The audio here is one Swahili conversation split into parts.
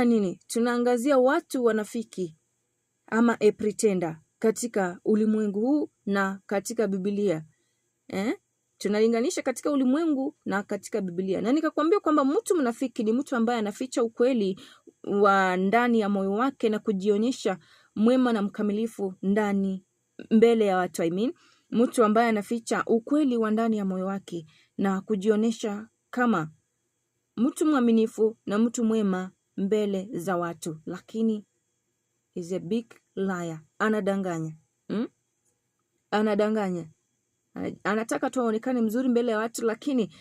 tunafanya nini? Tunaangazia watu wanafiki ama a pretender katika ulimwengu huu na katika Biblia eh? Tunalinganisha katika ulimwengu na katika Biblia, na nikakwambia kwamba mtu mnafiki ni mtu ambaye anaficha ukweli wa ndani ya moyo wake na kujionyesha mwema na mkamilifu ndani mbele ya watu I mean. Mtu ambaye anaficha ukweli wa ndani ya moyo wake na kujionyesha kama mtu mwaminifu na mtu mwema mbele za watu, lakini is a big liar, anadanganya hmm? Anadanganya, anataka tu aonekane mzuri mbele ya watu, lakini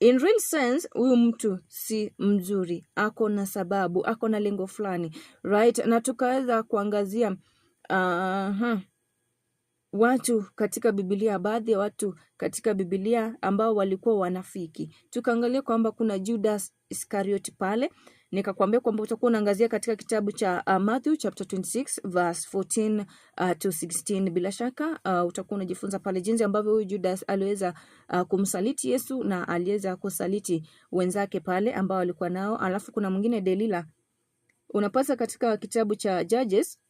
in real sense huyu mtu si mzuri, ako na sababu, ako na lengo fulani right. Na tukaweza kuangazia uh, watu katika Biblia, baadhi ya watu katika Biblia ambao walikuwa wanafiki, tukaangalia kwamba kuna Judas Iscariot pale nikakwambia kwamba utakuwa unaangazia katika kitabu cha uh, Matthew chapter 26 verse 14 uh, to 16. Bila shaka uh, utakuwa unajifunza pale jinsi ambavyo huyu Judas aliweza uh, kumsaliti Yesu na aliweza kusaliti wenzake pale ambao alikuwa nao, alafu kuna mwingine Delila. Unapasa katika kitabu cha Judges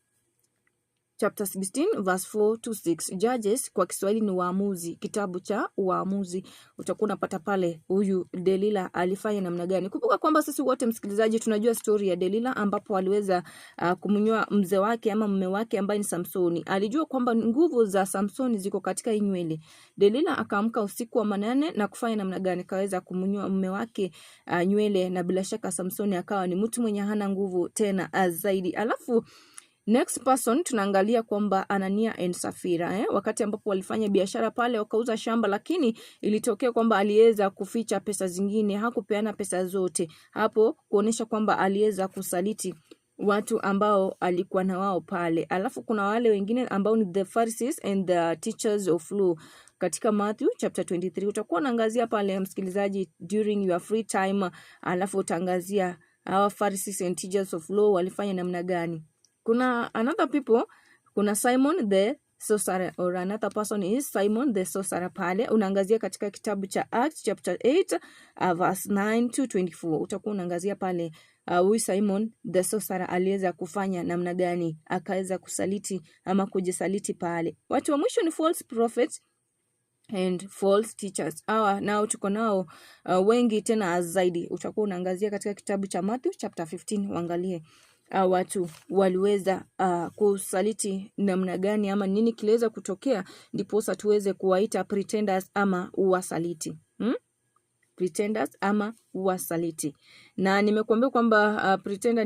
chapter 16 verse 4 to 6. Judges kwa Kiswahili ni waamuzi, kitabu cha waamuzi. Utakuwa unapata pale huyu Delila alifanya namna gani. Kumbuka kwamba sisi wote msikilizaji, tunajua story ya Delila ambapo aliweza uh, kumnyoa mzee wake ama mume wake ambaye ni Samsoni. Alijua kwamba nguvu za Samsoni ziko katika inywele Delila akaamka usiku wa manane na kufanya namna gani? Kaweza kumnyoa mume wake uh, nywele na bila shaka Samsoni akawa ni mtu mwenye hana nguvu tena uh, zaidi. Alafu Next person tunaangalia kwamba Anania and Safira eh, wakati ambapo walifanya biashara pale wakauza shamba, lakini ilitokea kwamba aliweza kuficha pesa zingine, hakupeana pesa zote, hapo kuonesha kwamba aliweza kusaliti watu ambao alikuwa na wao pale. Alafu kuna wale wengine ambao ni the Pharisees and the teachers of law katika Matthew chapter 23 utakuwa unaangazia pale msikilizaji, during your free time, alafu utaangazia hawa Pharisees and teachers of law walifanya namna gani. Kuna another people, kuna Simon the Sorcerer or another person is Simon the Sorcerer. Pale unaangazia katika kitabu cha Acts chapter 8 uh, verse 9 to 24, utakuwa unaangazia pale uh, huyu uh, Simon the Sorcerer aliweza kufanya namna gani, akaweza kusaliti ama kujisaliti pale. Watu wa mwisho ni false prophets and false teachers. Hawa nao tuko nao uh, wengi tena zaidi, utakuwa unaangazia katika kitabu cha Matthew chapter 15, uangalie uh, watu waliweza uh, kusaliti namna gani ama nini kiliweza kutokea, ndiposa tuweze kuwaita pretenders ama wasaliti hmm? Pretenders ama wasaliti na nimekuambia kwamba uh, pretender